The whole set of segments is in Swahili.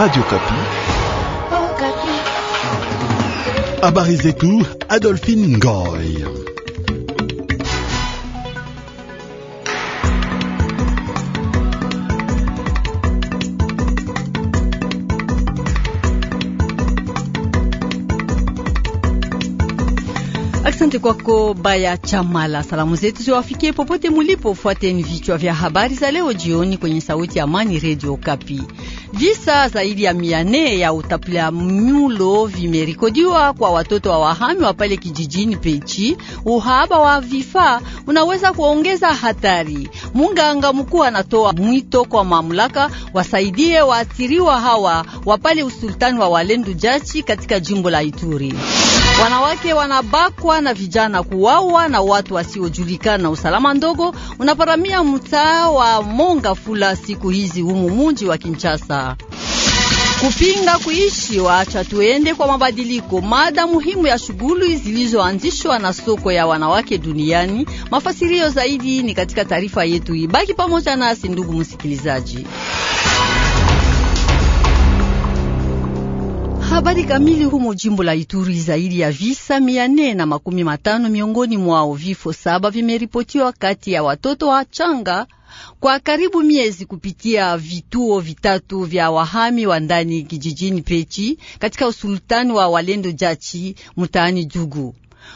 Radio Kapi. Habari zetu Adolphine Ngoy. Asante kwako Baya Chamala. Salamu zetu ziwafikie popote mulipo. Fuateni vichwa vya habari za leo jioni kwenye Sauti ya Amani, Radio Kapi. Visa zaidi ya mia nne ya utapiamlo vimerikodiwa kwa watoto wa wahami wa pale kijijini Pechi. Uhaba wa vifaa unaweza kuongeza hatari. Munganga mkuu anatoa mwito kwa mamlaka wasaidie waathiriwa hawa wa pale usultani wa Walendu Jachi katika jimbo la Ituri. Wanawake wanabakwa na vijana kuwawa na watu wasiojulikana. Usalama ndogo unaparamia mtaa wa Monga Fula siku hizi humu muji wa Kinshasa. Kupinga kuishi wacha tuende kwa mabadiliko, mada muhimu ya shughuli zilizoanzishwa na soko ya wanawake duniani. Mafasirio zaidi ni katika taarifa yetu, ibaki pamoja nasi ndugu msikilizaji. Habari kamili. Humo jimbo la Ituri, zaidi ya visa mia nne na makumi matano miongoni mwao vifo saba vimeripotiwa kati ya watoto wa changa kwa karibu miezi kupitia vituo vitatu vya wahami wa ndani kijijini Pechi katika usultani wa Walendo Jachi mtaani Jugu.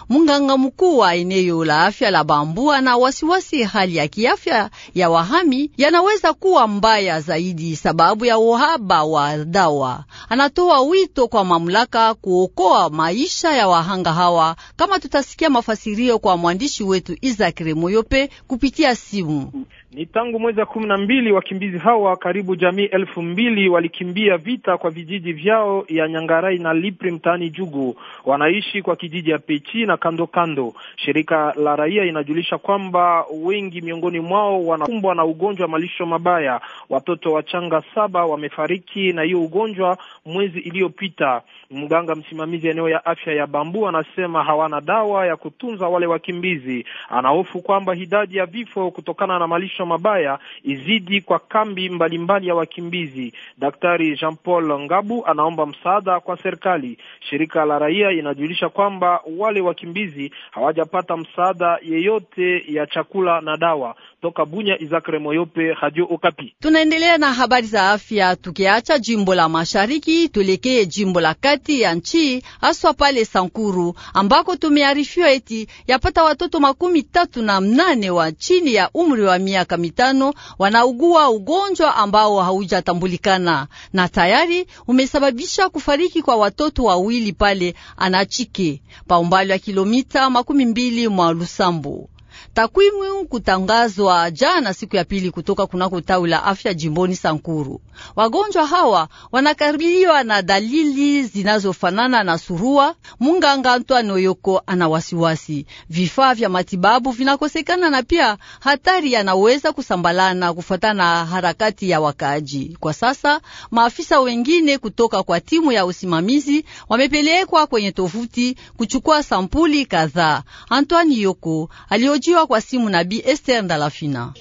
Munganga mkuu wa eneo la afya la Bambua na wasiwasi hali ya kiafya ya wahami yanaweza kuwa mbaya zaidi sababu ya uhaba wa dawa. Anatoa wito kwa mamlaka kuokoa maisha ya wahanga hawa, kama tutasikia mafasirio kwa mwandishi wetu Isaac Remoyope kupitia simu. Ni tangu mwezi wa kumi na mbili wakimbizi hawa karibu jamii elfu mbili walikimbia vita kwa vijiji vyao ya Nyangarai na Lipri mtaani Jugu. Wanaishi kwa kijiji ya Pechi na kando kando. Shirika la raia inajulisha kwamba wengi miongoni mwao wanakumbwa na ugonjwa malisho mabaya. Watoto wachanga saba wamefariki na hiyo ugonjwa mwezi iliyopita. Mganga msimamizi eneo ya afya ya Bambu anasema hawana dawa ya kutunza wale wakimbizi. Anahofu kwamba idadi ya vifo kutokana na malisho mafundisho mabaya izidi kwa kambi mbalimbali mbali ya wakimbizi. Daktari Jean Paul Ngabu anaomba msaada kwa serikali. Shirika la raia inajulisha kwamba wale wakimbizi hawajapata msaada yeyote ya chakula na dawa. Toka Bunya, Izakre Moyope, Radio Okapi. Tunaendelea na habari za afya, tukiacha jimbo la mashariki tuelekee jimbo la kati ya nchi, haswa pale Sankuru ambako tumearifiwa eti yapata watoto makumi tatu na mnane wa chini ya umri wa miaka miaka mitano wanaugua ugonjwa ambao haujatambulikana na tayari umesababisha kufariki kwa watoto wawili pale Anachike pa umbali wa kilomita makumi mbili mwa lusambu Takwimu kutangazwa jana siku ya pili kutoka kunako tawi la afya jimboni Sankuru. Wagonjwa hawa wanakaribiwa na dalili zinazofanana na surua. Munganga Antoine Oyoko ana wasiwasi, vifaa vya matibabu vinakosekana na pia hatari yanaweza kusambalana kufuatana na harakati ya wakaaji. Kwa sasa maafisa wengine kutoka kwa timu ya usimamizi wamepelekwa kwenye tovuti kuchukua sampuli kadhaa. Antoine Yoko aliojiwa kutoka kwa simu Nabii Esther Ndalafina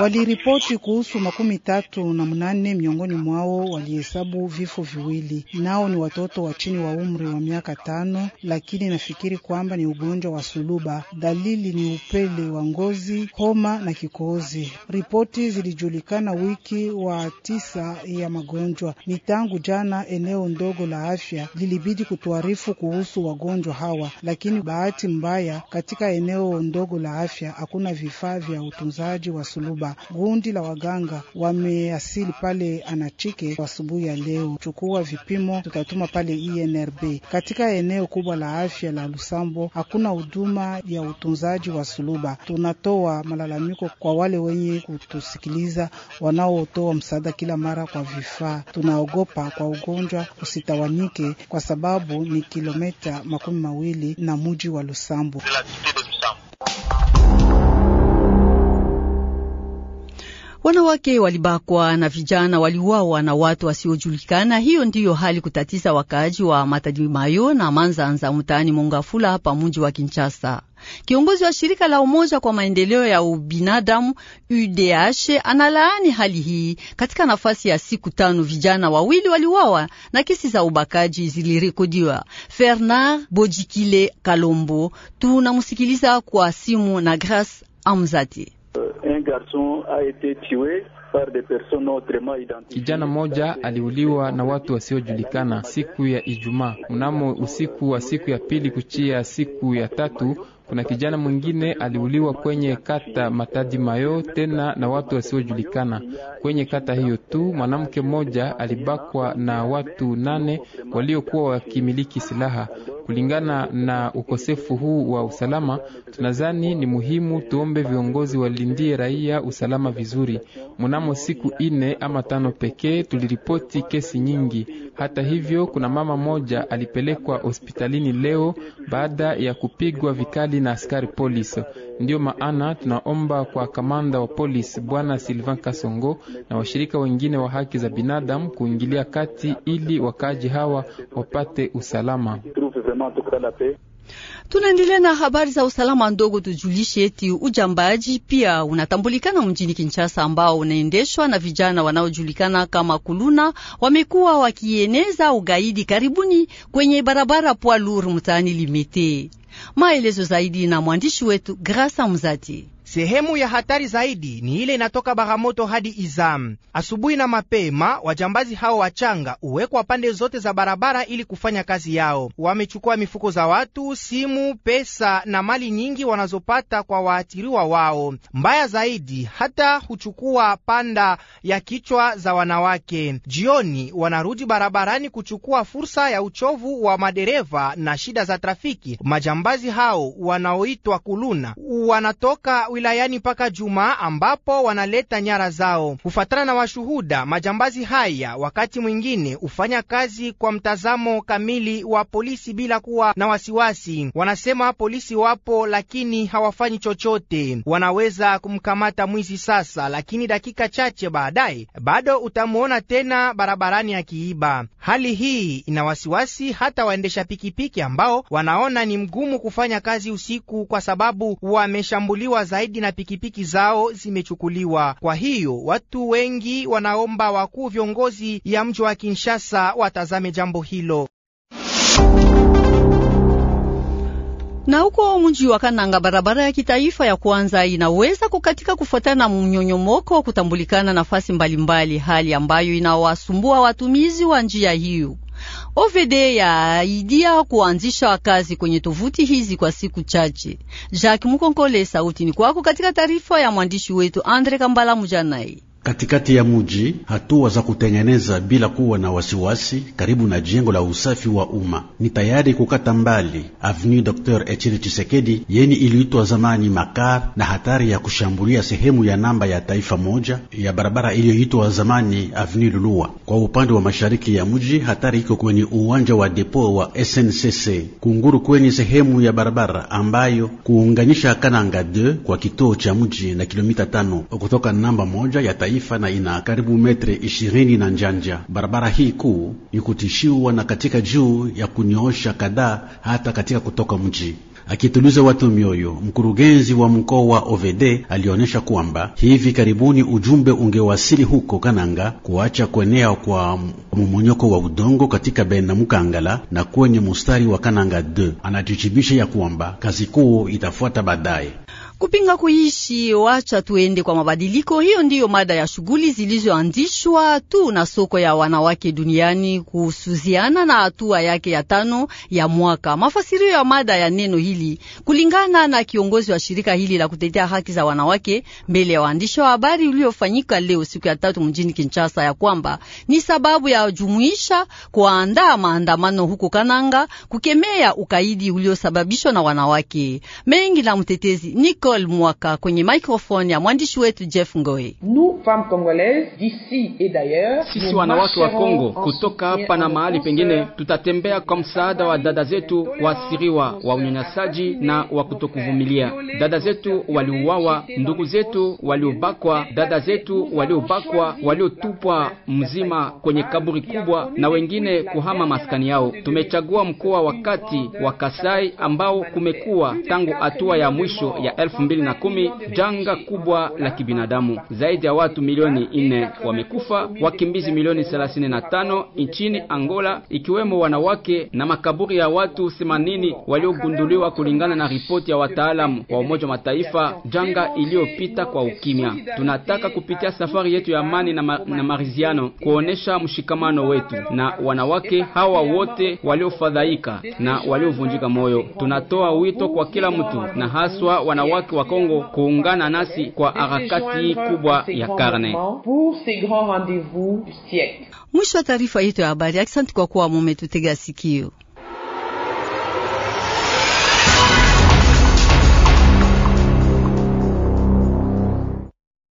waliripoti kuhusu makumi tatu na mnane miongoni mwao walihesabu vifo viwili, nao ni watoto wa chini wa umri wa miaka tano, lakini nafikiri kwamba ni ugonjwa wa suluba. Dalili ni upele wa ngozi, homa na kikohozi. Ripoti zilijulikana wiki wa tisa ya magonjwa. Ni tangu jana eneo ndogo la afya lilibidi kutuarifu kuhusu wagonjwa hawa, lakini bahati mbaya, katika eneo ndogo la afya hakuna vifaa vya utunzaji wa Suluba. Gundi la waganga wameasili pale Anachike asubuhi ya leo, chukua vipimo, tutatuma pale INRB. E Katika eneo kubwa la afya la Lusambo hakuna huduma ya utunzaji wa suluba. Tunatoa malalamiko kwa wale wenye kutusikiliza, wanaotoa msaada kila mara kwa vifaa. Tunaogopa kwa ugonjwa usitawanike, kwa sababu ni kilometa makumi mawili na muji wa Lusambo. Wanawake walibakwa na vijana waliuawa na watu wasiojulikana. Hiyo ndiyo hali kutatiza wakaaji wa mayo na Manzanza mtaani Mongafula hapa mji wa Kinshasa. Kiongozi wa shirika la Umoja kwa maendeleo ya ubinadamu UDH analaani hali hii. Katika nafasi ya siku tano, vijana wawili waliuawa na kesi za ubakaji zilirekodiwa. Fernard Bojikile Kalombo, tunamusikiliza kwa simu na Grace Amzati. Eh, garçon a été tué Kijana mmoja aliuliwa na watu wasiojulikana siku ya Ijumaa. Mnamo usiku wa siku ya pili kuchia siku ya tatu, kuna kijana mwingine aliuliwa kwenye kata Matadi Mayo, tena na watu wasiojulikana. Kwenye kata hiyo tu, mwanamke mmoja alibakwa na watu nane waliokuwa wakimiliki silaha. Kulingana na ukosefu huu wa usalama, tunadhani ni muhimu tuombe viongozi walindie raia usalama vizuri. Mnamo siku ine ama tano pekee tuliripoti kesi nyingi. Hata hivyo, kuna mama moja alipelekwa hospitalini leo baada ya kupigwa vikali na askari polisi. Ndiyo maana tunaomba kwa kamanda wa polisi Bwana Sylvain Kasongo na washirika wengine wa haki za binadamu kuingilia kati ili wakaaji hawa wapate usalama. Tunaendelea na habari za usalama ndogo. Tujulishe eti ujambaji pia unatambulikana mjini Kinshasa, ambao unaendeshwa na vijana wanaojulikana kama kuluna. Wamekuwa wakieneza ugaidi karibuni kwenye barabara Pwalu mtaani Limete. Maelezo zaidi na mwandishi wetu Grasa Mzati. Sehemu ya hatari zaidi ni ile inatoka Bagamoto hadi Izam. Asubuhi na mapema, wajambazi hao wachanga uwekwa pande zote za barabara ili kufanya kazi yao. Wamechukua mifuko za watu, simu, pesa na mali nyingi wanazopata kwa waathiriwa wao. Mbaya zaidi, hata huchukua panda ya kichwa za wanawake. Jioni wanarudi barabarani kuchukua fursa ya uchovu wa madereva na shida za trafiki. Majambazi hao wanaoitwa kuluna wanatoka wilayani mpaka Jumaa, ambapo wanaleta nyara zao. Kufuatana na washuhuda, majambazi haya wakati mwingine hufanya kazi kwa mtazamo kamili wa polisi bila kuwa na wasiwasi. Wanasema polisi wapo, lakini hawafanyi chochote. Wanaweza kumkamata mwizi sasa, lakini dakika chache baadaye bado utamwona tena barabarani akiiba. Hali hii ina wasiwasi hata waendesha pikipiki ambao wanaona ni mgumu kufanya kazi usiku kwa sababu wameshambuliwa zaidi zaidi na pikipiki zao zimechukuliwa. Kwa hiyo watu wengi wanaomba wakuu viongozi ya mji wa Kinshasa watazame jambo hilo. na huko mji wa Kananga barabara ya kitaifa ya kwanza inaweza kukatika kufuatana na mnyonyomoko kutambulikana nafasi mbalimbali, hali ambayo inawasumbua watumizi wa njia hiyo. Ovedeya idia kuanzisha kazi kwenye tovuti hizi kwa siku chache. Jacques Mukonkole, sauti ni kwako katika taarifa ya mwandishi wetu Andre Kambala Mujanai katikati ya muji. Hatua za kutengeneza bila kuwa na wasiwasi karibu na jengo la usafi wa umma ni tayari kukata mbali avenue Dr. Echiri Chisekedi yeni iliitwa zamani Makar, na hatari ya kushambulia sehemu ya namba ya taifa moja ya barabara iliyoitwa zamani avenue Lulua. Kwa upande wa mashariki ya muji, hatari iko kwenye uwanja wa depo wa SNCC kunguru kwenye sehemu ya barabara ambayo kuunganisha Kananga 2 kwa kituo cha muji na kilomita tano kutoka namba moja ya taifa taifa na ina karibu metre ishirini na njanja. Barabara hii kuu ikutishiwa na katika juu ya kunyoosha kadhaa hata katika kutoka mji akituliza watu mioyo, mkurugenzi wa mkoa OVD alionyesha kwamba hivi karibuni ujumbe ungewasili huko Kananga kuacha kuenea kwa mumonyoko wa udongo katika Bena Mukangala na kwenye mustari wa Kananga 2. Anatuchibisha ya kwamba kazi kuu itafuata baadaye kupinga kuishi, wacha tuende kwa mabadiliko. Hiyo ndiyo mada ya shughuli zilizoanzishwa tu na soko ya wanawake duniani kuhusuziana na hatua yake ya tano ya mwaka. Mafasirio ya mada ya neno hili kulingana na kiongozi wa shirika hili la kutetea haki za wanawake mbele ya waandishi wa habari uliofanyika leo siku ya tatu mjini Kinshasa, ya kwamba ni sababu ya jumuisha kuandaa maandamano huko Kananga kukemea ukaidi uliosababishwa na wanawake mengi na mtetezi ni Nicole Mwaka kwenye microphone ya mwandishi wetu Jeff Ngoi. Sisi wanawake wa Kongo kutoka hapa na mahali pengine, tutatembea kwa msaada wa dada zetu waasiriwa wa unyanyasaji na wa kutokuvumilia. Dada zetu waliuawa, ndugu zetu waliobakwa, dada zetu waliobakwa, waliotupwa mzima kwenye kaburi kubwa, na wengine kuhama maskani yao. Tumechagua mkoa wa kati wa Kasai ambao kumekuwa tangu hatua ya mwisho ya elfu elfu mbili na kumi janga kubwa la kibinadamu. Zaidi ya watu milioni nne wamekufa, wakimbizi milioni thelathini na tano nchini Angola, ikiwemo wanawake na makaburi ya watu themanini waliogunduliwa kulingana na ripoti ya wataalamu wa Umoja wa Mataifa, janga iliyopita kwa ukimya. Tunataka kupitia safari yetu ya amani na, ma na maridhiano kuonesha mshikamano wetu na wanawake hawa wote waliofadhaika na waliovunjika moyo. Tunatoa wito kwa kila mtu na haswa wanawake wake wa Kongo kuungana nasi kwa harakati kubwa ya karne. Mwisho wa taarifa yetu ya habari. Asante kwa kuwa mumetutega sikio.